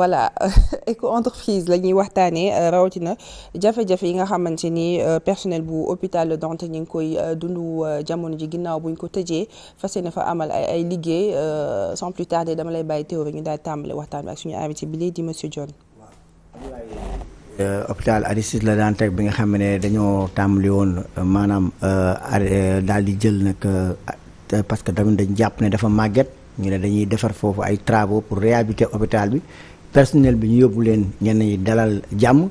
voilà éco entreprise la ñuy waxtaanee euh, rawatina jafe-jafe yi nga xamante ni euh, personnel bu hôpital Dantec ñu ngi koy euh, dundu jamono ji ginnaaw bu ñu ko tëjee fas yéene fa amal ay ay liggéey sans plus tarder dama lay bàyyi théorie ñu daal tàmbale waxtaan bi ak suñu invité bi léegi di monsieur Dione. hôpital Aristide Le Dantec bi nga xam ne dañoo tàmbali woon maanaam daal di jël nag parce que tamit dañu jàpp ne dafa màgget. ñu ne dañuy defar foofu ay travaux pour réhabiliter hôpital bi personnel bi ñu yóbbu leen ñenn ñi dalal jàmm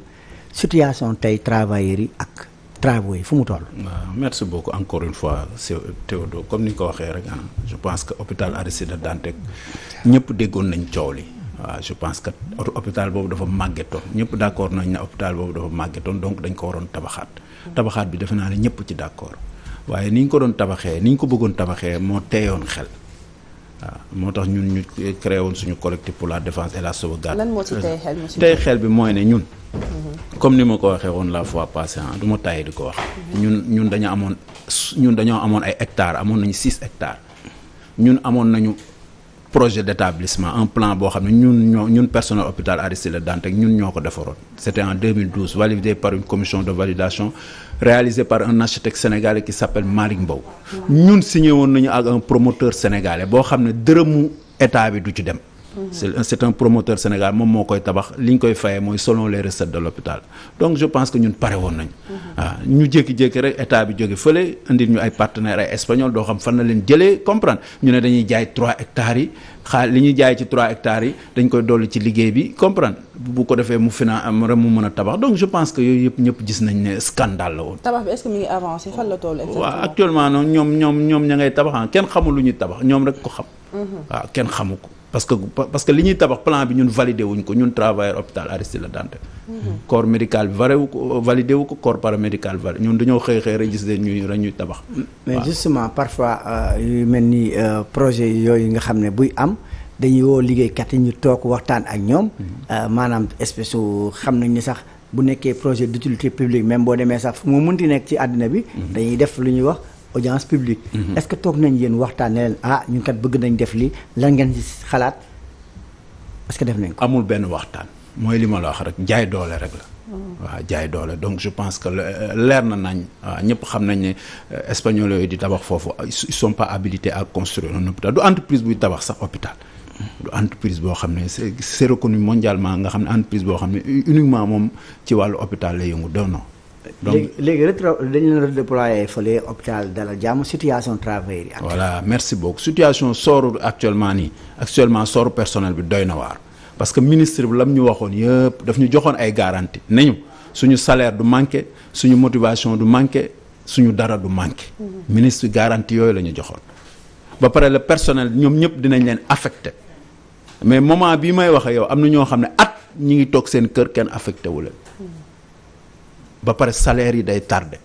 situation tey travailleurs yi ak travaux yi fu mu toll. waaw merci beaucoup encore une fois Théodo comme ni ñu ko waxee rek ah je pense que hôpital Aristide Le Dantec ñëpp déggoon nañ coow li. waaw je pense que hôpital boobu dafa màggetoon ñëpp d' accord nañ ne hôpital boobu dafa màggetoon donc dañ ko waroon tabaxaat. tabaxaat bi defe naa ne ñëpp ci d' accord waaye ni ñu ko doon tabaxee ni ñu ko bëggoon tabaxee moo teeyoon xel. waaw moo tax ñun ñu créé woon suñu collectif pour la défense et la sauvegarde. lan moo ci tey xel monsieur tey xel bi mooy ne ñun. Mm-hmm. comme ni ma ko waxee woon la fois passée ah du ma tàyyi di ko wax. Mm-hmm. ñun ñun dañu amoon ñun dañoo amoon ay hectares amoon nañu six hectares ñun amoon nañu. projet d'établissement un plan boo xam ne ñun ñoo ñun personnel hôpital Aristide Le Dantec ñun ñoo ko defaroon c'était en 2012 validé par une commission de validation réalisé par un architecte sénégalais qui s'appelle Malick Mbow ñun signé woon nañu ak un promoteur sénégalais boo xam ne dërëmu état bi du ci dem c'est un promoteur sénégalais moom moo koy tabax li ñu koy fayee mooy selon les recettes de l'hôpital donc je pense que ñun pare woon nañ waaw ñu jékki-jékki rek état bi jóge fële indi ñu ay partenaires ay espagnol doo xam fan na leen jëlee comprendre ñu ne dañuy jaay trois hectares yi xaalis li ñuy jaay ci 3 hectares yi dañ koy dolli ci liggéey bi comprendre bu ko defee mu finan am rek mu mën a tabax donc je pense que yooyu yëpp ñëpp gis nañ ne scandale la woon. tabax bi est-ce que mi ngi avancé fan la toll exactement actuellement noonu ñoom ñoom ñoom ña ngay tabax ah, kenn xamul lu ñuy tabax ñoom rek ko xam. waaw mm-hmm. ah, kenn xamu ko. parce que parce que li ñuy tabax plan bi ñun validé wuñ ko ñun travailleur hôpital Aristide Le Dantec. Mhm. corps médical valé wu ko validé wu ko corps paramédical validé ñun dañoo xëy xëy rek gis ne ñuy rek ñuy tabax. mais justement parfois euh, yu mel ni euh, projet yooyu nga xam ne buy am. dañuy woo liggéeykat yi ñu toog waxtaan ak ñoom. Mhm. Euh, maanaam espèce xam nañ ni sax bu nekkee projet d'utilité publique même boo demee sax fu mu munti nekk ci àddina bi. Mhm. dañuy def lu ñuy wax audience publique. Mhm. est-ce que toog nañ yéen waxtaan ne leen ah ñun kat bëgg nañ def li lan ngeen ci xalaat est-ce que def nañ ko. amul benn waxtaan mooy li ma la wax rek jaay doole rek la. Oh. waaw jaay doole donc je pense que euh, leer na nañ waaw ñëpp xam nañ ne euh, espagnol yooyu di tabax foofu ils sont pas ak à construire du entreprise buy tabax sax hôpital. Mm. du entreprise boo xam ne c'est reconnu mondialement nga xam ne entreprise boo xam ne uniquement moom ci wàllu hôpital lay yëngu non donc léegi léegi dañu leen redéployer fële hôpital Dalal Jàmm situation travail voilà merci beaucoup situation sooru actuellement nii actuellement sooru personnel bi doy na waar parce que ministre bi lam ñu waxoon yëpp daf ñu joxoon ay garantie nañu suñu salaire du manqué suñu motivation du manqué suñu dara du manqué. Mm-hmm. ministre garantie yooyu la ñu joxoon. ba pare le personnel ñoom ñëpp dinañ leen affecté mais moment bii may waxee yow am na ñoo xam ne at ñi ngi toog seen kër kenn affecté wu leen. ba pare salaire yi day tardé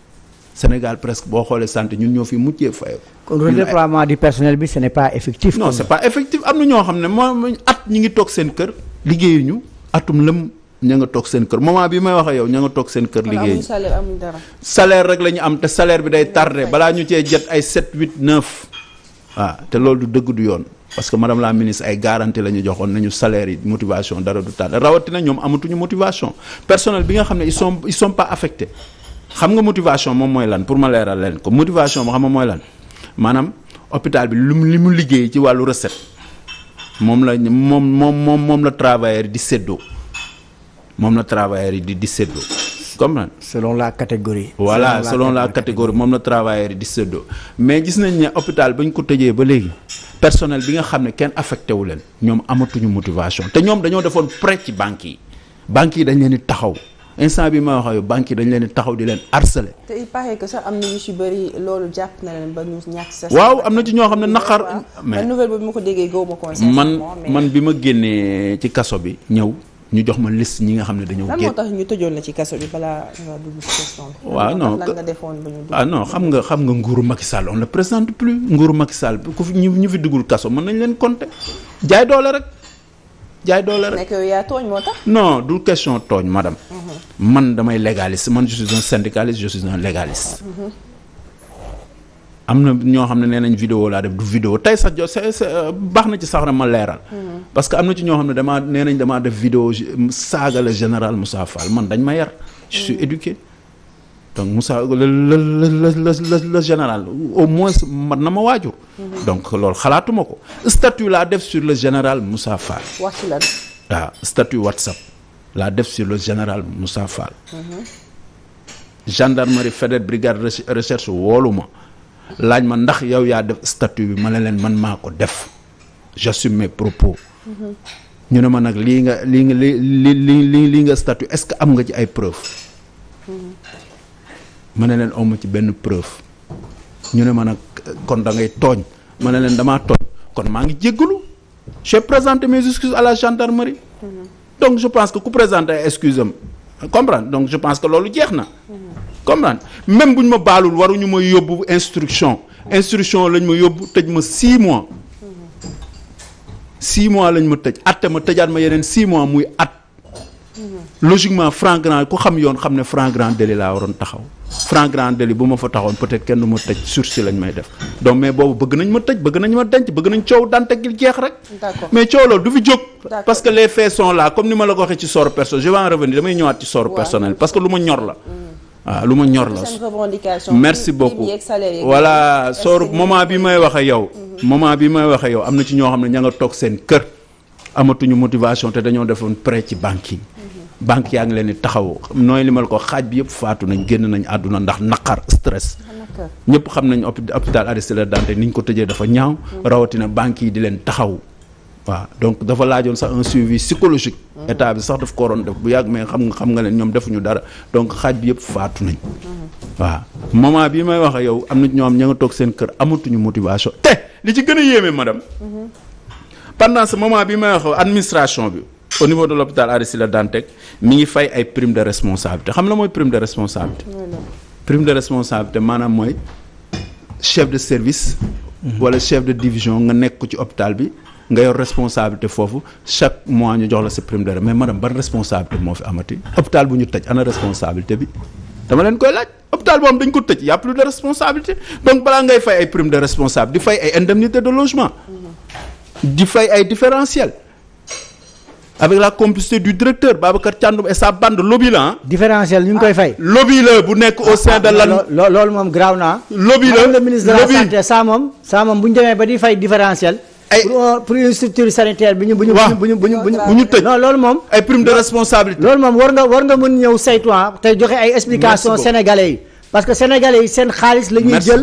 Sénégal presque boo xoolee santé ñun ñoo fi muccee fayoo. kon redéploiement du bi ce n'est pas effectif. non c'est pas effectif am na ñoo xam ne moom at ñi ngi toog seen kër liggéeyuñu atum lëm ña nga toog seen kër moment bi may waxee ak yow ña nga toog seen kër. liggéeyuñu salaire amuñu dara. rek la ñu am te salaire bi day tardé balaa ñu cee jot ay 7 8 9 waaw te loolu du dëgg du yoon. parce que madame la ministre ay garantie la ñu joxoon nañu salaire yi motivation dara du taal rawatina ñoom amatuñu motivation personnel bi nga xam ne ils sont ils sont pas affectés xam nga motivation moom mooy lan pour ma leeral leen ko motivation boo xam mooy lan maanaam hôpital bi lu li mu liggéey ci wàllu recette moom la moom moom moom moom la travailleur di séddoo moom la travailleur yi di di seddoo comme na selon la catégorie. voilà selon la catégorie moom la travailleur di séddoo mais gis nañ ne hôpital ba ñu ko tëjee ba léegi personnel bi nga xam ne kenn affecté wu leen ñoom amatuñu motivation te ñoom dañoo defoon prêt ci banques yi banque yi dañ leen di taxaw. instant bi ma wax yow banque dañ leen taxaw di leen harceler. te il paraît am na ci loolu jàpp na leen ba ñu waaw am na ci ñoo xam ne naqar. mais nouvelle bi ma ko déggee man man bi ma génnee ci kaso bi ñëw. ñu jox ma liste ñi nga xam ne dañoo. lan moo tax ñu tëjoon la ci kaso bi balaa nga dugg ci question bi. waaw non ah, xam nga xam nga nguuru Macky Sall on le présente plus nguuru Macky Sall ku ñu ñu fi duggul kaso mën nañ leen compter jaay doole rek jaay doole rek. nekk du question tooñ madame. Mhm. man damay légaliste man je suis un syndicaliste je légaliste. Mhm. am na ñoo xam ne nee nañ vidéo laa def du vidéo tey sax euh, baax na ci sax na ma leeral. Mm-hmm. parce que am na ci ñoo xam ne damaa nee nañ damaa def vidéo saaga la général Moussa Fall man dañ ma yar. je suis général au moins mat na ma waajur. Mm-hmm. donc loolu xalaatuma ko statut laa def sur le général Moussa Fall. waaw ah, statut WhatsApp laa def sur général Moussa Fall. Mm-hmm. gendarmerie fédérale brigade recherche woolu ma. laaj ma ndax yow yaa def statut bi ma ne leen man maa ko def j'assume mes propos ñu ne ma nag lii nga lii nga li lii lii nga statut est-ce que am nga ci ay preuve ma ne leen awma ci benn preuve ñu ne ma nag kon da ngay tooñ ma ne leen damaa tooñ kon maa ngi jéggalu j'ai présenté mes excuses à la gendarmerie mm-hmm. donc je pense que ku présenter ay excuses am comprendre donc je pense que loolu jeex na comme comprendre même bu ñu ma baalul waruñu ma yóbbu instruction instruction lañ ma yóbbu tëj ma 6 mois 6 mois lañ ma tëj atte ma tëjaat ma yeneen 6 mois muy at logiquement franc grand ku xam yoon xam ne franc grand délit laa waroon taxaw franc grand délit bu ma fa taxawoon peut-être kenn du ma tëj sursis lañ may def donc mais boobu bëgg nañ ma tëj bëgg nañ ma denc bëgg nañ coow dante gi jeex rek. mais coow loolu du fi jóg. parce que les faits sont la ko waxee ci sort personnel je vais en revenir damay ñëwaat ci sort personnel parce que lu waaw ah, lu ma ñor la. seen revendication merci beaucoup voilà soor moment bi may wax ak yow. Mhm. moment bi may wax ak yow am na ci ñoo xam ne ña nga toog seen kër. amatuñu motivation te dañoo defoon prêt ci banque yi. Mhm. banque yaa ngi leen di taxaw nooy limal ko xaaj bi yëpp faatu nañ génn nañ àdduna ndax naqar stress. ñëpp xam nañ hôpital Aristide Le Dantec ni ñu ko tëjee dafa ñaaw. Mhm. rawatina banque yi di leen taxaw. waaw donc dafa laajoon sax un suivi psychologique. état bi sax daf koo waroon def bu yàgg mais xam nga xam nga ne ñoom defuñu dara donc xaaj bi yëpp faatu nañ. waaw moment bii may wax ak yow am na ñoom ña nga toog seen kër amatuñu motivation te li ci gën a yéeme madame. pendant ce moment bii may wax administration bi au niveau de l'hôpital Aristide Le Dantec mi ngi fay ay prime de responsabilité xam la mooy prime de responsabilité. prime de responsabilité maanaam mooy chef de service. Mhm. wala chef de division nga nekk ci hôpital bi. nga yor responsabilité foofu chaque mois ñu jox la sa prime dara mais madame ban responsabilité moo fi amati hôpital bu ñu tëj ana responsabilité bi dama leen koy laaj hôpital boo xam dañ ko tëj y' a plus de responsabilité donc balaa ngay fay ay prime de responsable di fay ay indemnité de logement di fay ay différentiel avec la complicité du directeur Babacar Thiandoum et sa bande lobby la différentiel ñu ngi koy ah, fay. lobby la bu nekk au sein de lan. Ah, loolu moom graaw naa. lobby la lobby le ministre de bu ñu demee ba di fay différentiel. ay pour pour une structure sanitaire bi ñu. bu ñu bu ñu bu ñu bu tëj. non loolu moom. ay prime de responsabilité. loolu moom war nga war nga mën ñëw saytu ah, tey joxe ay explication sénégalais yi. parce que sénégalais yi seen xaalis la ñuy jël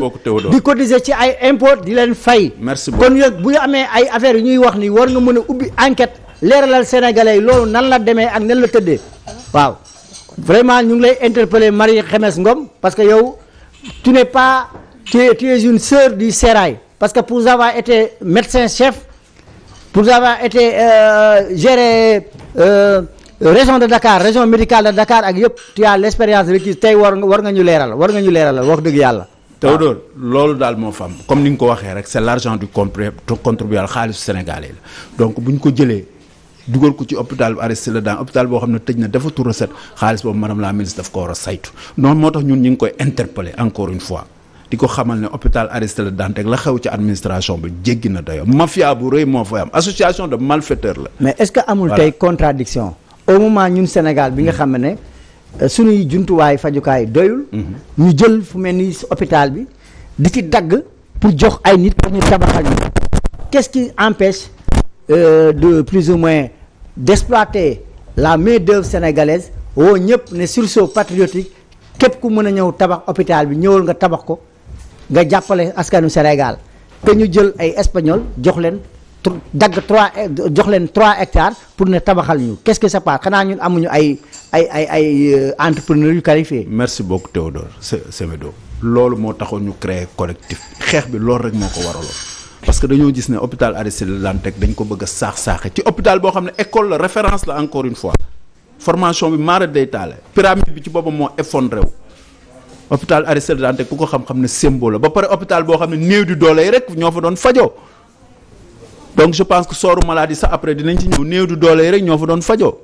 di cotiser ci ay impôt di leen fay. merci beaucoup kon yëg bu amee ay affaires yu ñuy wax nii war nga mën a ubbi enquête leeralal sénégalais yi loolu nan la demee ak nan la tëddee waaw. vraiment ñu ngi lay interpeller Marie Khemesse Ngom parce que yow tu n'es pas tu es tu es une parce que pour avoir été médecin chef pour avoir été euh, géré euh, région de Dakar région médicale de Dakar ak yëpp tu as l' tey war nga war nga ñu leeral war nga ñu leeral wax dëgg yàlla. te Théodore loolu daal moo fa comme ni nga ko waxee rek c' est l' argent du contribuable xaalisu sénégalais la donc bu ñu ko jëlee. dugal ko ci hôpital bu Aristide Le Dantec hôpital boo xam ne tëj na defatul recette xaalis boobu madame la ministre daf ko war a saytu noonu moo tax ñun ñu ngi koy interpeller encore une fois. di ko xamal ne hôpital Aristide Dantec la xew ci administration bi jéggi na ma mafia bu rëy moo fay am association de malfaiteurs la. mais est-ce que amul tey contradiction au moment ñun Sénégal bi nga xam ne euh, suñuy jumtuwaay fajukaay doyul. Mhm. ñu jël fu mel ni hôpital bi di ci dagg pour jox ay nit pour ñu tabaxal ñu. qu'est-ce empêche euh, de plus ou moins d'exploiter la main-d'œuvre sénégalaise woo ñëpp ne sursaut patriotique képp ku mën a ñëw tabax hôpital bi ñëwal nga tabax ko. nga jàppale askanu Sénégal que ñu jël ay espagnol jox leen dagg trois eh, jox leen trois hectares pour ne tabaxal ñu qu'est-ce qui se passe xanaa ñun amuñu ay ay ay ay euh, entrepreneurs yu qualifiés. merci beaucoup Théodore Semedo loolu moo taxoon ñu créer collectif xeex bi loolu rek moo ko waraloon parce que dañoo gis ne hôpital Aristide Le Dantec dañ ko bëgg a saax saaxe ci hôpital boo xam ne école la référence la encore une fois formation bi maara day taale pyramide bi ci boppam moo effondré wu hôpital Aristide Le Dantec ku ko xam-xam ne symbole la ba pare hôpital boo xam ne néew di doole yi rek ñoo fa doon fajoo donc je pense que sooru maladie sax après dinañ ci ñëw néew di doole yi rek ñoo fa doon fajoo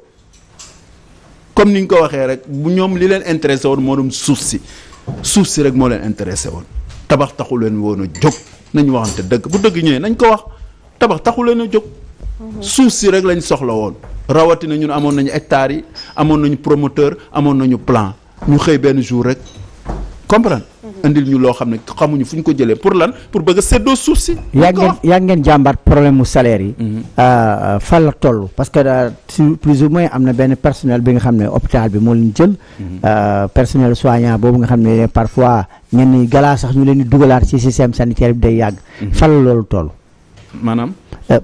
comme ni ñu ko waxee rek bu ñoom li leen intéressé woon moo doon suuf si suuf si rek moo leen intéressé woon tabax taxu leen woon a jóg nañ waxante dëgg bu dëgg ñëwee nañ ko wax tabax taxu leen a jóg. suuf si rek lañ soxla woon. rawatina ñun amoon nañu hectares yi amoon nañu promoteur amoon nañu plan ñu xëy benn jour rek. comprendre indil ñu loo xam ne xamuñu fu ñu ko jëlee pour lan pour bëgg seddoo suuf si. yàgg ngeen yaa ngeen jàmbaat problème mu salaire yi. Mhm. Euh, euh, fan la toll parce que euh, sur plus ou moins am na benn personnel bi nga xam ne hôpital bi moo leen jël. Mhm. personnel soignant boobu nga xam ne parfois ñenn ñi galaa sax ñu leen di dugalaat ci système sanitaire bi day yàgg. Mhm. fan la loolu toll. maanaam.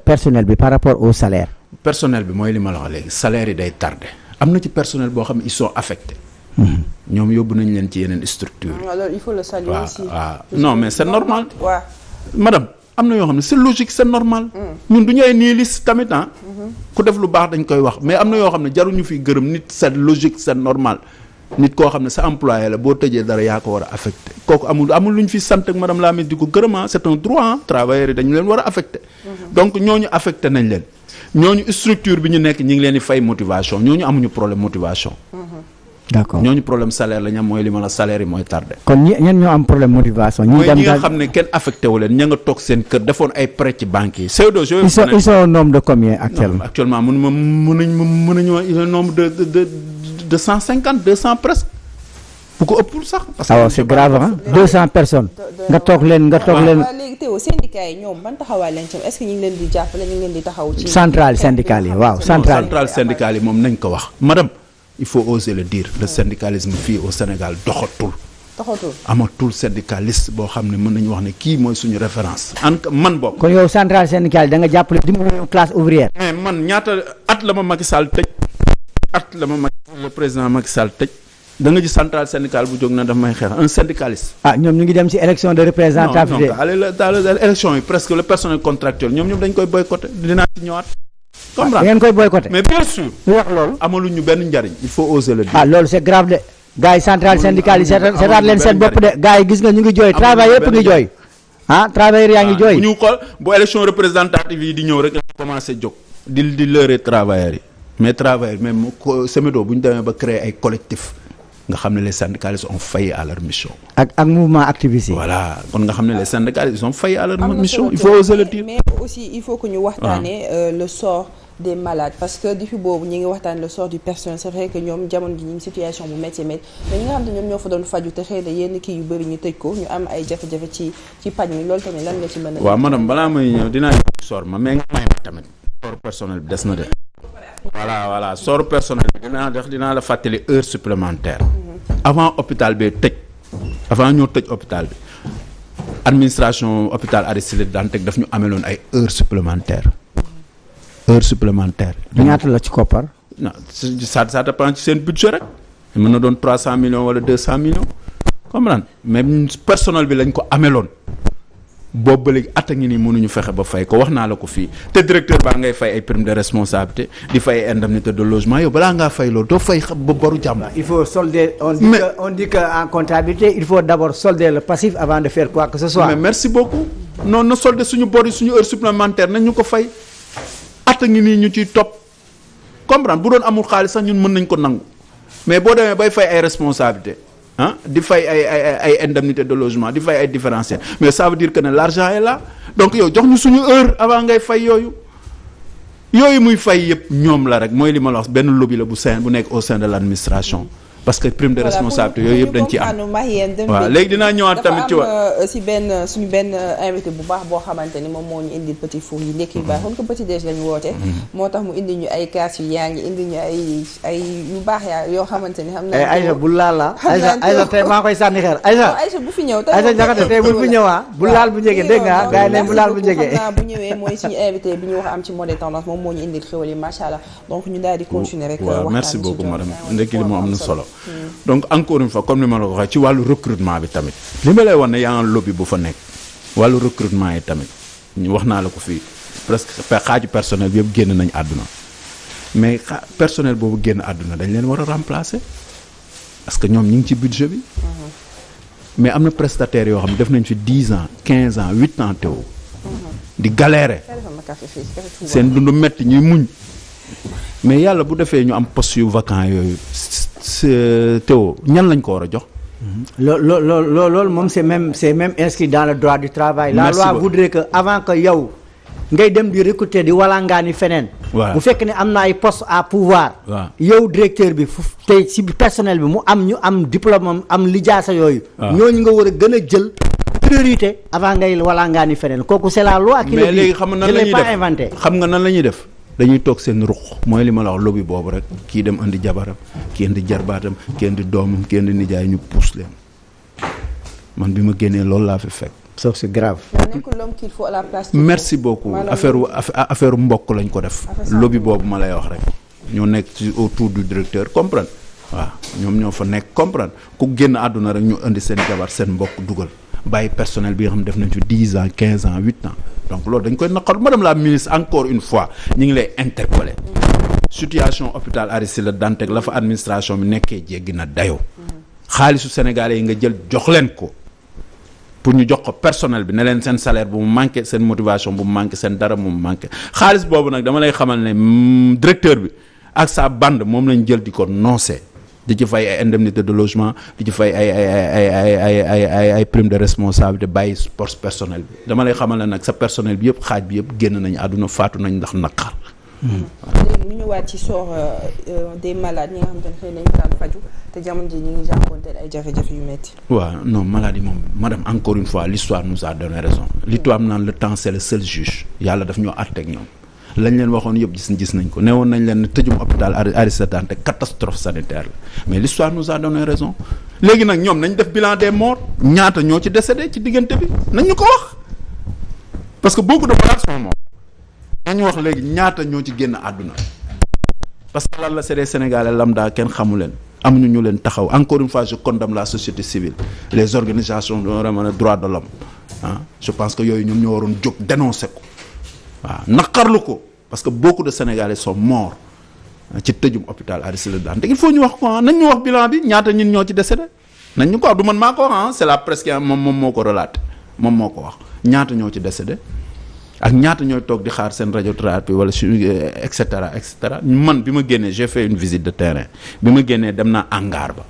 personnel bi par rapport au salaire. personnel bi mooy li ma la wax léegi salaire yi day tardé am na ci personnel boo xam ne ils sont ñoom yóbbu nañ leen ci yeneen structure ah, alors il faut le saluer aussi waaw non mais c'est normal waaw am na yoo xam ne c'est logique c'est normal mm. ñun du ñu ay nihiliste tamit ah mm-hmm. ku def lu baax dañ koy wax mais am na yoo xam ne jaruñu fi gërëm nit c'est logique c'est normal nit koo xam ne sa employé la boo tëjee dara yaa ko war a affecté kooku amul amul lu ñu fi sant ak madame la ministre di ko gërëma ah. c'est un droit ah. yi dañu leen war a affecté mm-hmm. donc ñooñu affecté nañ leen ñooñu structure bi ñu nekk ñi ngi leen di fay motivation ñooñu amuñu problème motivation mm-hmm. d'accord ñooñu problème salaire la mooy li salaire mooy tardé. kon ñi ñoo am problème motivation. ñi dem nga xam nga toog de cent cinquante ko ëppul sax. parce que ah c'est grave ah leen nga toog ah. leen. waaw léegi yi ñoom ban taxawaay lañ taxaw. ci centrale syndicale yi waaw centrale. centrale syndicale yi moom nañ ko wax il faut oser le dire le syndicalisme fii au Sénégal doxatul doxatul amatul syndicaliste boo xam ne mën nañu wax ne kii mooy suñu référence an man bokk kon yow central syndical da nga jàppale dimbali classe ouvrière mais man ñaata at la ma Macky tëj at la ma Macky tëj da nga centrale syndicale bu jóg na daf may xeex un syndicaliste. ah ñoom ñu ngi dem ci élection de représentativité non non daal élection yi presque le personnel contractuel comprendre da koy boycotté. mais bien sûr. ñu wax loolu. benn njariñ il faut oser le dire. ah loolu c'est grave de. gars yi centrale syndicale yi seetaat leen seen bopp de gars gis nga ñu ngi jooy travail yëpp ngi jooy. ah travailleurs yaa ngi ah, jooy. bu ñu xool bu élection représentative yi di ñëw rek commencé jóg. di di lëre travailleurs yi mais travailleurs même Semedo bu ñu demee ba créer ay collectif nga xam ne les syndicalistes ont on à leur mission. ak ak mouvement activiste yi. voilà kon nga xam ne les syndicalistes ils ont failli à leur mission. que ñu waxtaanee ah. euh, le sort. que depuis boobu ñi ngi waxtaan le sort du personnel c'est vrai que ñoom situation bu métti métti ñoo fa doon faju te xëy na kii yu bëri ñu tëj ko ñu am ay jafe ci ci paj mi loolu tamit lan nga ci a. waaw madame balaa may ñëw dinaa ñëw ma mais nga may ma tamit sort personnel bi des na de. voilà voilà sort personnel bi dinaa def dinaa la fàttali heure supplémentaire avant hôpital bi tëj avant ñoo tëj hôpital bi administration hôpital Aristide teg daf ñu ameloon ay heure supplémentaire heure supplémentaire ñaata la ci koppar non ça ça dépend ci seen budget rek mën na doon trois cent millions wala deux cent millions comprendre mais personnel bi lañ ko ameloon boobu ba léegi at ngi nii mënuñu fexe ba fay ko wax naa la ko fii te directeur baa ngay fay ay prime de responsabilité di fay indemnité de logement yow balaa ngaa fay loolu doo fay ba boru jàmm. il faut solder on dit mais, on dit en comptabilité il faut d'abord solder la passif avant de faire quoi que ce soit. mais merci beaucoup non na solder suñu bor yi suñu heure supplémentaire nañ ñu ko fay at a ngi nii ñu ciy topp comprendre bu doon amul xaalis sax ñun mën nañ ko nangu mais boo demee bay fay ay responsabilité ah di fay ay ay ay indemnité de logement di fay ay différentiel mais ça veut que ne l'argent est là donc yow jox ñu suñu heure avant ngay fay yooyu yooyu muy fay yëpp ñoom la rek mooy li ma la benn lobby la bu sein bu nekk au sein de l'administration parce que prime de responsabilité yooyu yëpp dañ ci am waaw léegi dinaa ñëwaat tamit ci wa euh, benn suñu benn euh, invité bu baax boo xamante ni moom moo ñu indil petit four yi ndekki yu baax kon mhm. ko petit woote mhm. moo tax mu indi ñu ay kaas yaa ngi indi ñu ay ay yu yaa yoo xamante ni xam na eh, Aïcha laal la Aïcha Aïcha tey maa koy sànni xeer Aïcha bu fi ñëw Aïcha Diakhaté tey bu fi ñëwaa bu laal bu njëgee dégg nga gars yi ne bu laal bu njëgee bu ñëwee mooy suñu invité bi ñu wax am ci mode moom moo ñu indil xéwal yi macha allah donc ñu daal di continuer rek euh, am na solo donc encore une fa comme ni ma la ko waxee ci wàllu recrutement bi tamit li ma lay wax ne yaa lobby bu fa nekk wàllu recrutement yi tamit ñu wax naa la ko fi presque xaaju personnel bi yëpp génn nañ àdduna mais personnel boobu génn àdduna dañ leen war a remplacer parce que ñoom ñu ngi ci budget bi mais am na prestataire yoo xam ne def nañ fi dix ans quinze ans huit ans teew di galérer seen dundu metti ñuy muñ mais yàlla bu defee ñu am post yu vacant yooyu Théo ñan lañ ko war a jox. loolu loolu lool moom c'est même c'est même inscrit dans le droit du travail. la loi voudrait que avant que yow ngay dem di recruter di walangaani feneen. bu fekk ne am na ay post à pouvoir. yow directeur bi fu tey si personnel bi mu am ñu am diplôme am lijaasa yooyu. Ah. ñooñu nga war a gën a jël. priorité avant ngay walangaani feneen kooku c'est la loi. qui le dit mais léegi xam nga na la ñuy def xam nga nan la def. dañuy toog seen ruq mooy li ma la wax lobby boobu rek kii dem indi jabaram kii andi jarbaatam kii andi doomam kii andi nijaay ñu puus leen man bi ma génnee loolu laa fi fekk. sauf c'est grave. merci beaucoup affaire affaire mbokk lañ ko def. lobby boobu ma lay wax rek. ñoo nekk ci autour du directeur comprendre waaw ñoom ñoo fa nekk comprendre ku génn àdduna rek ñu indi seen jabar seen mbokk dugal bàyyi personnel bi nga xam def nañ fi dix ans quinze ans huit ans. donc loolu dañ koy naqar ma madame la ministre encore une fois ñu ngi lay interpeller situation hôpital Aristide la danteeg la fa administration bi nekkee jéggi na dayoo xaalisu sénégalais yi nga jël jox leen ko pour ñu jox ko personnel bi ne leen seen salaire bu mu manqué seen motivation bu mu manqué seen dara bu mu manqué xaalis boobu nag dama lay xamal ne mm, directeur bi ak sa bande moom lañ jël di ko noosee di ci fay ay indemnité de logement di ci fay ay ay ay ay ay ay ay ay prime de responsabilité bàyyi force personnel bi dama lay xamal ne nag sa personnel bi yëpp xaaj bi yëpp génn nañu àdduna faatu nañ ndax naqar. léegi ñu ñëwaat ci sort euh, euh, des malades te ne xëy nañu daan te ñu ngi jànkuwanteel ay jafe-jafe yu métti. waaw non maladie moom madame encore une fois l'histoire nous a donné raison. li tubaab naan le temps c'est le seul juge yàlla daf ñoo àtteeg ñoom. lañ leen waxoon yëpp gis gis nañ ko newoon nañ leen ne tëjum hôpital Aristide te catastrophe sanitaire la mais l'histoire nous a donné raison léegi nag ñoom nañ def bilan des morts ñaata ñoo ci décédé ci diggante bi nañ ko wax parce que boo ko malades sont morts nañu wax léegi ñaata ñoo ci génn àdduna parce que lan la c'est des Sénégalais lambda kenn xamu leen amuñu ñu leen taxaw encore une fois je condamne la société civile les organisations de droits de l'homme je pense que yooyu ñoom waroon jóg dénoncer ko. waaw naqarlu ko parce que beaucoup de sénégalis soo morts euh, ci tëjum hôpital Aristide Le Dantec il faut ñu wax ko nañ ñu wax bilan bi ñaata ñun ñoo ci décédé nañ ñu ko wax du man maa ko wax ah c'est la presse moom moom moo ko relaté moom moo ko wax ñaata ñoo ci décédé ak ñaata ñooy toog di xaar seen radiothérapie wala su euh, et cetera et cetera man bi ma génnee j'ai fait une visite de terrain bi ma génnee dem naa hangar ba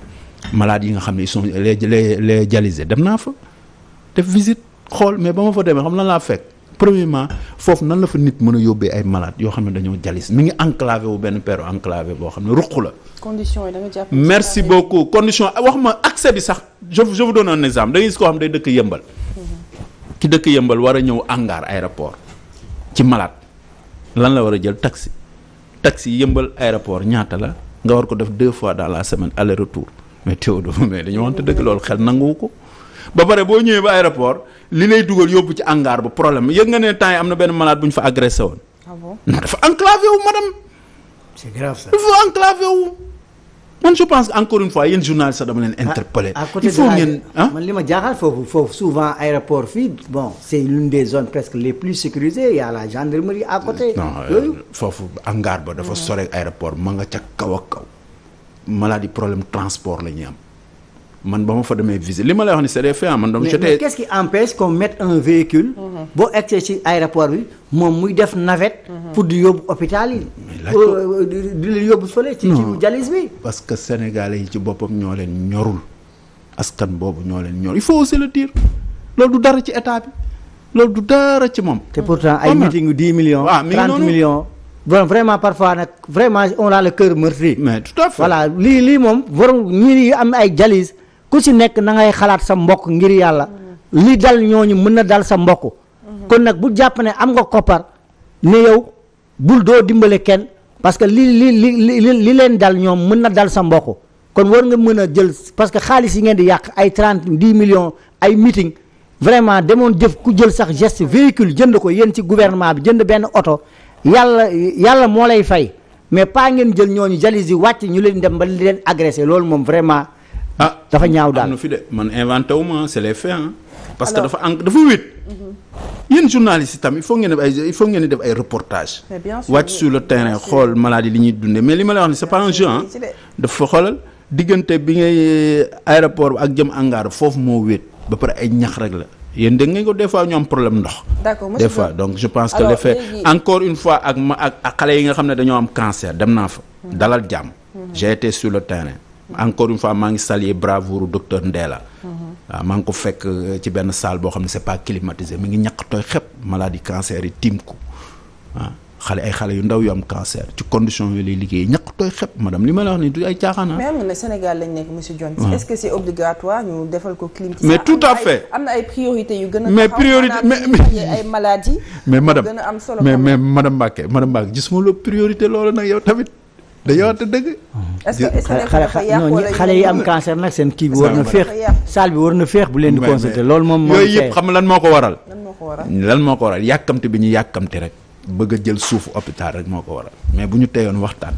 malades yi nga xam ne ils sont les les les dem naa fa def xool mais ba ma fa demee xam lan laa fekk. premièrement foofu nan la fa nit mën a yóbbee ay malaat yoo xam ne dañoo jalis mi ngi enclavé wu benn peru enclavé boo xam ne ruq la. condition yi da nga jàpp merci beaucoup condition wax ma accès bi sax je je doon donne un exemple da ngay gis koo xam day dëkk yëmbal. Mhm. ki dëkk yëmbal war a ñëw hangar aéroport ci malaat lan la war a jël taxi taxi yëmbal aéroport ñaata la nga war ko def deux fois dans la semaine aller retour mais Théodore mais dañu wante dëkk loolu xel nanguwu ko. ba pare boo ñëwee ba aéroport li lay dugal yóbbu ci hangar ba problème yëg nga ne temps yi am na benn malade bu ñu fa agressé woon. ah bon non dafa enclavé wu man je pense encore une fois yéen journaliste leen interpeller il faut ngeen ah li ma jaaxal foofu foofu souvent aéroport fii bon c'est l'une des zones presque les plus sécurisées il y a la gendarmerie à côté. non euh, foofu hangar ba dafa sore aéroport ma nga ca kaw a kaw. maladie problème transport la ñuy am. man ba ma fa demee visite li ma la wax ni c'est des faits man. donc j'étais mais quest véhicule. Mm-hmm. boo egsee ci aéroport bi moom muy def navette. Mm-hmm. pour di yóbbu hôpital yi. Euh, euh, di la yóbbu fële. ci ci dialyse parce que sénégalais yi ci boppam ñoo leen ñorul askan boobu ñoo leen ñor il faut aussi loolu du dara ci état bi loolu du dara ci moom. te pourtant ay meeting yu 10 millions. waaw ah, mi 30 millions. bon vraiment parfois nag on a le lii lii moom waroon ñii am ay dialyse. ku si nekk na ngay xalaat sa mbokk ngir yàlla li dal ñu mën na dal sa mbokk kon nag bu jàpp ne am nga koppar ne yow bul doo dimbale kenn parce que li li li li leen dal ñoom mën na dal sa mbokk kon war nga mën a jël parce que xaalis yi ngeen di yàq ay trente di million ay meeting vraiment demoon jëf ku jël sax geste véhicule jënd ko yéen ci gouvernement bi jënd benn oto yàlla yàlla moo lay fay mais pas ngeen jël ñooñu jalis yi wàcc ñu leen dem ba leen agressé loolu moom vraiment ah dafa ñaaw daal na fi de man inventé wu ma c'est les faits hein. parce que dafa en dafa wéet. Mhm. yéen journalistes itam il faut ngeen ay il ngeen di def ay reportages. wàcc sur le terrain xool maladie li ñuy dundee mais li ma la wax ni c'est pas xoolal diggante bi ngay eh, aéroport ak jëm hangar foofu moo wéet ba pare ay ñax rek la. yéen dégg ngeen ko des fois ñu problème ndox. d'accord des fois donc je pense que les faits encore une fois ak ma ak xale yi nga xam ne dañoo am cancer dem naa fa. Mhm. dalal jàmm. Mhm. j'ai sur le terrain. encore une fois maa ngi saluer bravoure docteur Ndéla waaw ah, maa ngi ko fekk euh, ci benn salle boo xam ne c'est pas climatisé mi ngi ñàkk tooy xep maladie cancer yi tiim ko waaw ah, xale ay xale yu ndaw yu am cancer ci condition yooyu lay liggéey ñàkk tooy xep madame li ma la wax ni du ay caaxaan ah. mais am na Sénégal lañ nekk monsieur Dione est-ce mais tout à fait am na ay priorité yu gën a mais priorité mais ay mais a am solo mais mais madame Mbacké madame gis ma la priorité loolu nag yow tamit dañoo wax dëgg. xale yi am cancer nag seen kii bi war na féex. saal bi war na féex bu leen di consulter lool moom. mooy yooyu yëpp xam lan moo ko waral. lan moo ko waral lan moo ko waral yàkkamti bi ñu yàkkamte rek. bëgg a jël suufu hôpital rek moo ko waral mais bu ñu teyoon waxtaan.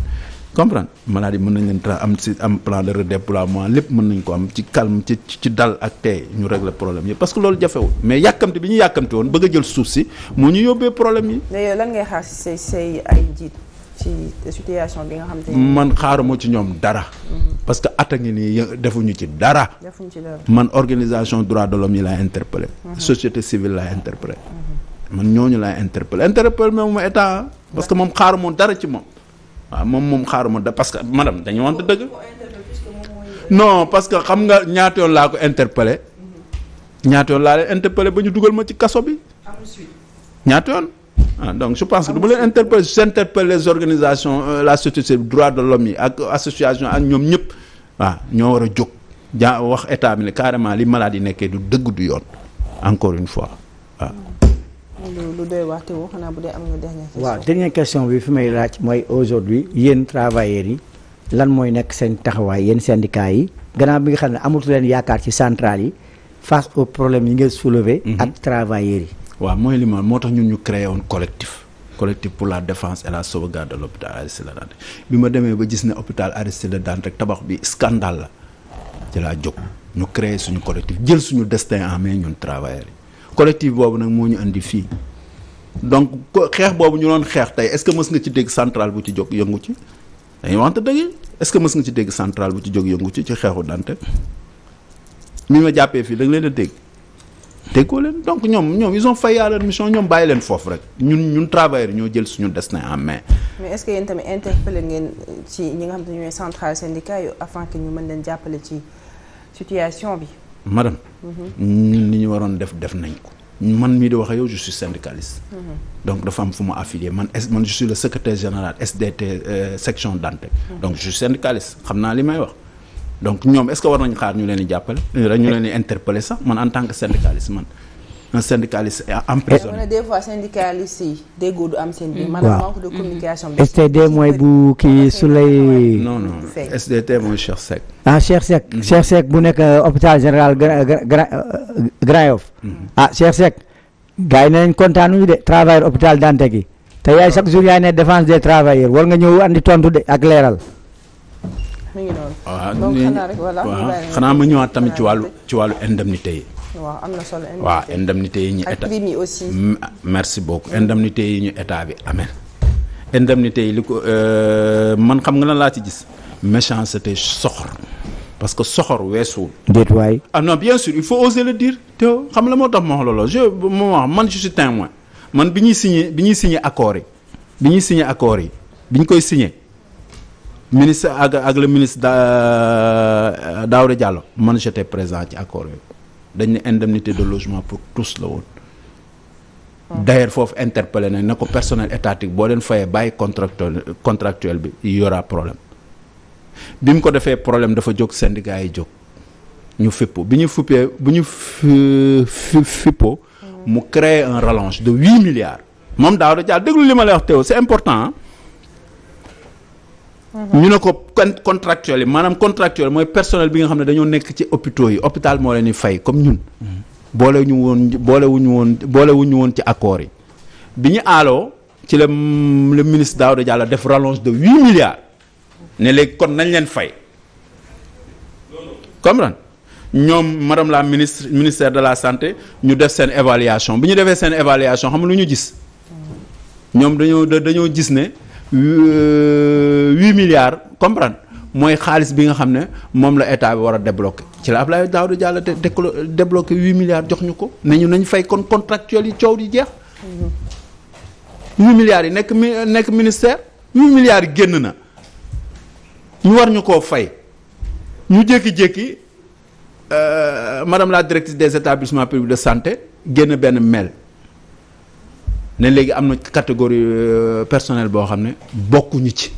comprendre maladie mën nañ leen tra am si am plan de redéploiement lépp mën nañ ko am ci calme ci dal ak tey ñu régler problème yi parce que loolu jafewul mais yàkkamti bi ñu yàkkamti woon bëgg a jël suuf si moo ñu yóbbee problème yi. ngay xaar si say situation bi man xaaruma ci ñoom dara. Mhm. parce que at a nii defuñu ci dara. defuñu ci man organisation droit de l'homme yi laay interpellé. Mhm. société civile laay interpellé. Mhm. man ñooñu laay interpellé interpellé moom état parce que moom xaaruma dara ci moom. waaw moom moom xaaruma da parce que madame dañu wante dëgg. non parce que xam nga ñaata yoon laa ko interpellé. ñaata yoon laa leen interpellé ba ñu dugal ma ci kaso bi. ñaata yoon. ah donc je pense que du ma leen interpelle j'interpelle les organisations euh, la société droit de l'homme ak association ak ñoom ñëpp waaw ñoo war a jóg jaa wax état bi ne carrément li malade yi nekkee du dëgg du yoon encore une fois waaw. lu wax te woo xanaa bu am na dernière question. waaw dernière question bi fi may laaj mooy aujourd'hui yéen travailleurs yi lan mooy nekk seen taxawaay yéen syndicats yi gannaaw bi nga xam ne amatu leen yaakaar ci central yi face aux problèmes yi nga soulever mhm. ak travailleurs yi. waaw mooy li moo tax ñun ñu créé woon collectif collectif pour la défence et la sauvegarde de l'hôpital Aristide Le Dantec bi ma demee ba gis ne hôpital Aristide Le Dantec rek tabax bi scandale la ci laa jóg ñu crée suñu collectif jël suñu destin en main ñun travailleurs yi collectif boobu nag moo ñu indi fii donc xeex boobu ñu doon xeex tey est-ce que mës nga ci dégg central bu ci jóg yëngu ci dañuy waxante dëgg est-ce que mës nga ci dégg central bu ci jóg yëngu ci ci xeexu Dantec ñu ma jàppee fii da leen a dégg déggoo leen donc ñoom ñoom ils ont failli à leur ñoom bàyyi leen foofu rek ñun ñun travailleurs ñoo jël suñu destin en main. mais est-ce tamit interpellé ngeen ci ñi nga xam te ñooy centrale syndicat yi afin ñu mën leen jàppale ci situation bi. madame. Mhm. ñun li ñu waroon def def nañ ko. man mii di wax yow je suis syndicaliste. Mhm. donc dafa am fu ma affilié man S man je suis le secrétaire général SDT euh, section Dantec. Mhm. donc je suis syndicaliste xam naa donc ñoom est-ce que war nañu xaar ñu leen di jàppale euh, ñu leen di interpeller sax man en tant que syndicaliste man eh, des fois syndicaliste yi déggoo du am mm-hmm. mooy bu kii su lay. non non SDT mooy Cheikh Seck. ah Cheikh Seck. Mm-hmm. bu nekk euh, hôpital général Grand euh, Yoff. Mm-hmm. ah Cheikh Seck. gars yi nañ kontaanuñu de travailleur hôpital Dantec yi. te yaay chaque jour yaay ne défense des travailleurs war nga ñëw andi tontu de ak leeral. mi ah, xanaa rek voilà xanaa ma ñëwaat tamit ci wàllu ci wàllu indemnité yi. waaw am indemnité waaw yi ñu état merci beaucoup indemnité yi ñu état bi amee. indemnité yi li ko euh, man xam nga lan laa ci gis. méchanceté soxor. parce que soxor weesuwul. déet waay. ah non bien sûr il faut oser le dire te xam la moo tax ma wax loolu je ma man je suis man bi ñuy signé bi ñuy signé accord yi bi ñuy signé accord yi bi ñu koy signé. ministre ak ak le ministre euh, Daouda Diallo man j'étais présent ci accord yooyu dañ ne indemnité de logement pour tous la woon. Ah. d'ailleurs foofu interpellé nañ na ko personnel étatique boo leen fayee bàyyi contractuel contractuel bi y aura problème bi mu ko defee problème dafa jóg syndicat yi jóg ñu fippo bi ñu fippee bu ñu fippoo mu créer un rallonge de huit milliards moom daaw da jàll déglu li ma lay wax teew c'est important Mhm. ñu ne ko contractuel yi maanaam contractuel mooy personnel bi nga xam ne dañoo nekk ci hôpitaux yi hôpital moo leen di fay comme ñun. Mhm. boole ñu woon boole wuñu woon boole woon ci accords yi bi ñu aaloo ci la mm, le ministre Daouda Diallo def rallonge de huit milliards ne léegi kon nañ leen fay. comprendre ñoom madame la ministre ministère de la santé ñu def seen évaluation bi ñu defee seen évaluation xam lu ñu gis. Mhm. ñoom dañoo dañoo gis ne. Euh, huit milliards comprendre mooy xaalis bi nga xam ne moom la état bi war a débloqué ci la ab Daouda Diallo de débloqué huit milliards jox ñu ko nañu nañ fay kon contractuel yi coow yi jeex mm-hmm. huit milliards yi nekk mi nekk ministère huit milliards génn na ñu war ñu koo fay ñu jékki-jékki euh, madame la directrice des établissements publics de santé génn benn mail ne léegi am na catégorie euh, personnel boo xam ne bokkuñu ci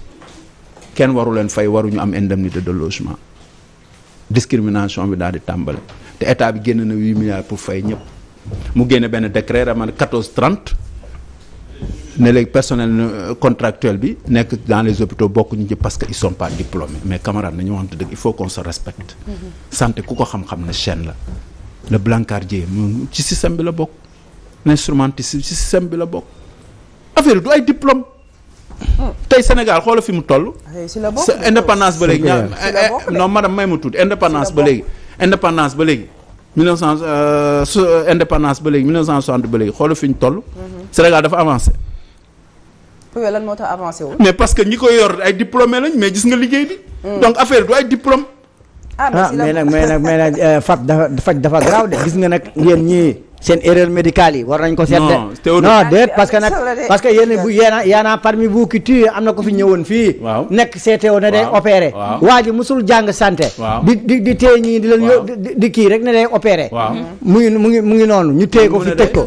kenn waru leen fay waruñu am indemnité de logement discrimination bi daal di tàmbale te état bi génn na huit milliards pour fay ñëpp mu génne benn décret ramal quatorze trente ne léegi personnel euh, contractuel bi nekk dans les hôpitaux bokkuñu ci parce que ils sont pas diplômés mais camarades nañu waxante dëgg il faut qu'on se respecte mm-hmm. santé ku ko xam-xam ne chaîne la le blancardier ci système bi la bokk l'instrumentisme ci système bi la bokk affaire yi du ay diplôme tey Sénégal xoola fi mu toll eh, sa indépendance ba léegi ñaa eh, eh, non madame may indépendance ba léegi indépendance ba léegi mille neuf cent euh, euh, indépendance ba léegi mille neuf cent soixante xoola fi ñu toll mhm. Sénégal dafa avancé mais lan moo tax avancé wul. mais parce que ñi ko yor ay diplômé lañ mais gis nga liggéey bi. Mm. donc affaire du ay diplôme. ah mais ah, nag mais nag mais nag euh, faj dafa faj dafa garaaw de gis nga nag yéen ñii. seen erreur médical yi war nañ ko seet de non déet parce que nag parce que yéen bu yéen a am na ko fi ñëwoon fii nekk CTO ne day opéré waa ji musul jàng santé di di di di leen di kii rek ne day opéré mu ngi ngi noonu ñu téye ko fi tëj ko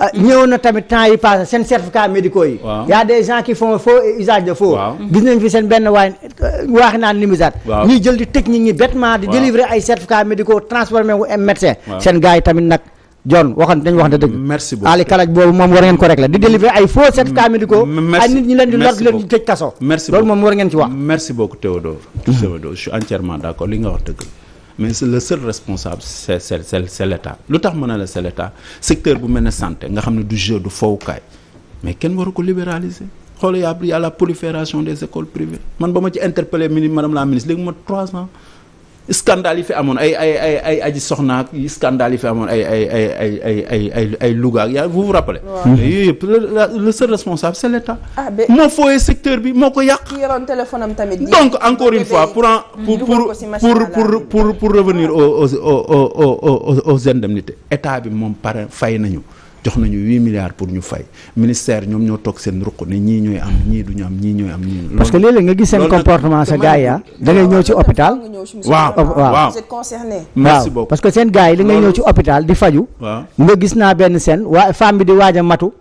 ah, na tamit temps yi passé seen certificat médicaux yi y a des gens qui font faux usage de faux gis nañ fi seen benn waay euh, waax naan limisaat ñuy jël di tëj nit ñi bêtement di délivrer ay certificats médicaux transformé médecin seen gars yi tamit nag John waxan dañ waxante dëgg. merci boobu moom war ngeen ko régler di délivrer ay faux certificats médicaux. ay nit ñi leen di lor leen di tëj kaso. loolu moom war ngeen ci wax. merci beaucoup Théodore. Mhm. Théodore je na secteur bu mel ne santé nga xam ne du jeu du fowukaay mais kenn waru ko libéraliser. xool y' a la prolifération des écoles privées man ba ma ci interpellé madame la ministre léegi ma trois ans. scandale yi fi amoon ay ay ay ay aji soxnaak scandale yi fi amoon ay ay ay ay ay ay ay ay Louga ak yaa vous vous rappelez yooyu yëpp le seul responsable c'est l'État ah, moo fooyee secteur bi moo ko yàq donc encore une fois pour pour pour pour pour pour revenir aux aux aux aux indemnités état bi moom pare fay nañu jox nañu huit milliards pour ñu fay ministère ñoom ñoo toog seen ruq ne ñii ñooy am ñii du ñu am ñii ñooy am parce que léeg-léeg nga gis seen comportement sa gars yi ah. da ngay ñëw ci hôpital. waaw parce que seen gars yi da ngay ñëw ci hôpital di faju nga gis naa benn seen waa femme bi di waaj a matu.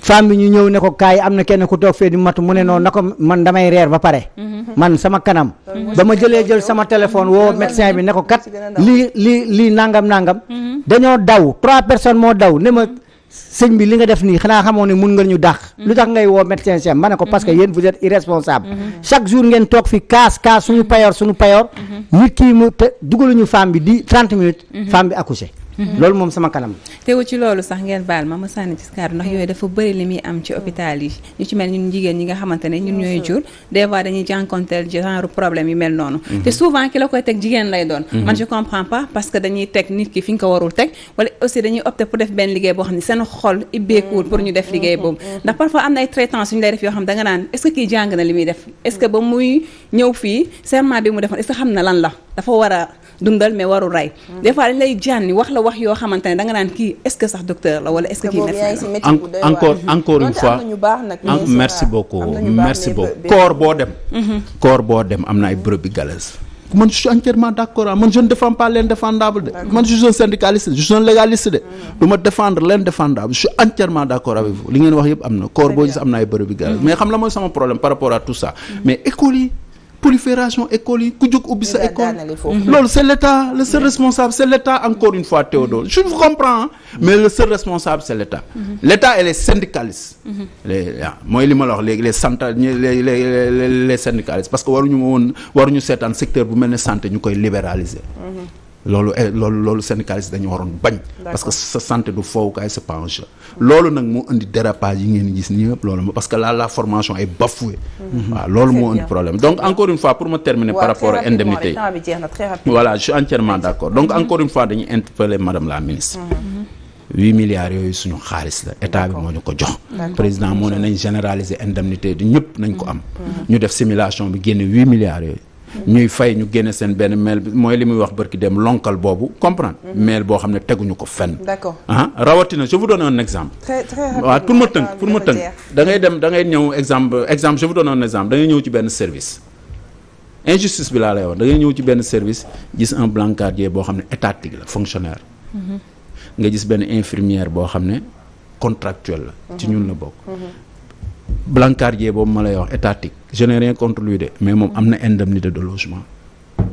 femme bi ñu ñëw ne ko kaay am na kenn ku toog fee di matu mu ne noonu na ko man damay reer ba pare. Mhm. man sama kanam. ba ma jëlee jël sama téléphone woo médecin bi ne ko sëñ bi li nga def nii xanaa xamoo ne mun nga ñu dàq mm-hmm. lu tax ngay woo médecin chef ma ne ko parce que mm-hmm. yéen vous êtes irresponsable mm-hmm. chaque jour ngeen toog fi kaas kaas suñu payoor suñu payoor nit kii mu te dugaluñu femme bi di trente minutes femme bi accouché Mm-hmm. loolu moom sama kanam. teewu ci loolu sax ngeen baal ma ma sànni ci kàddu ndax mm-hmm. yooyu dafa bëri li muy am ci hôpital yi ñu ci mel ñun jigéen ñi nga xamante ne ñun mm-hmm. jigéen lay doon man je comprends parce que dañuy teg nit ki fi nga ko warul teg wala aussi dañuy opter pour def benn liggéey xam boobu ndax parfois am na ay traitance suñu lay def yoo xam da naan est ce jàng na li muy def est ba muy ñëw fii serment bi mu defoon est xam na lan la a dundal mais warul wax yoo xamante ne danga naan kii est sax docteur la wala est kii médecin encore mhm. encore une fois merci beaucoup merci beaucoup corps boo dem corps mhm. boo dem am na ay brebis galeuses man je suis entièrement d'accord ah, man je ne défends pas l'indéfendable de man je suis un syndicaliste je suis un de mhm. du ma défendre l'indéfendable je suis entièrement d'accord avec vous li ngeen wax yëpp am na corps boo gis am na ay brebis galeuses mais xam la mooy sama prolifération école yi ku jóg ubbi sa école loolu c' est l' état le seul responsable c' est l' état encore une fois Théodore je vous comprends mais le seul responsable c' est l' état mm-hmm. l' état et les syndicalistes mm-hmm. les ah, mooy li ma la wax léegi les santa les les les syndicalistes parce que waruñu ma woon waruñu seetaan secteur bu mel ne santé ñu koy libéraliser mm-hmm. Eh, loolu loolu loolu syndicaliste dañu waroon bañ. parce que sa santé du fowukaay c'est pas un loolu nag moo indi dérapage yi ngeen gis nii yëpp loolu parce que là la formation est bafouée. Mhm. waaw loolu moo indi problème donc encore une fois pour ma terminer. par rapport à indemnité yi voilà je suis entièrement d'accord donc mhm. encore une fois dañuy interpeller madame la ministre. Mhm. huit milliards yooyu suñu xaalis la état bi moo ñu ko jox président moo ne nañ généraliser indemnité di ñëpp nañ ko am ñu def simulation bi génne huit milliards yooyu ñuy fay ñu génne seen benn mail bi mooy li muy wax bërki dem lonkal boobu comprendre mhm. mail boo xam ne teguñu ko fen d'accord ah rawatina je vous doon un exemple waaw pour ma tënk pour ma tënk da ngay dem da ngay ñëw exemple exemple je vous donne un exemple da ngay ñëw ci benn service injustice bi laa lay wax da ngay ñëw ci benn service gis un brancardier boo xam ne étatique la fonctionnaire mhm. nga gis benn infirmière boo xam ne contractuel la mhm. ci ñun la bokk blancardier boobu ma lay wax étatique je n'ai rien contre lui de mais moom am na indemnité de logement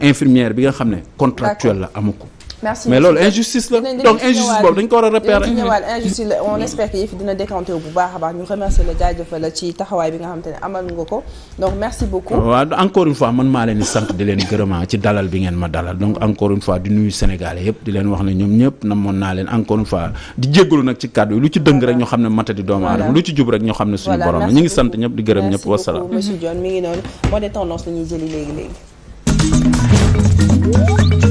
infirmière bi nga xam ne contractuel la amu ko merci mais loolu injustice la donc injustice boobu dañ ko war a repérer. ñëwaat injustice la on espère que yëf dina décanté bu baax a baax ñu remercier la jaajëfal la ci taxawaay bi nga xam ne amal nga ko donc merci beaucoup. waaw encore une fois man maa leen di sant di leen gërëmaa ah ci dalal bi ngeen ma dalal donc encore une fois di nuyu Sénégalais yëpp di leen wax ne ñoom ñëpp namoon naa leen encore une fois di jéggalu nag ci kàddu yi lu ci dëng rek ñoo xam ne mata di doomu aadama lu ci jub ne suñu borom la ñu ngi sant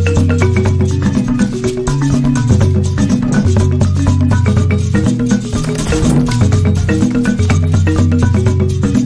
ñëpp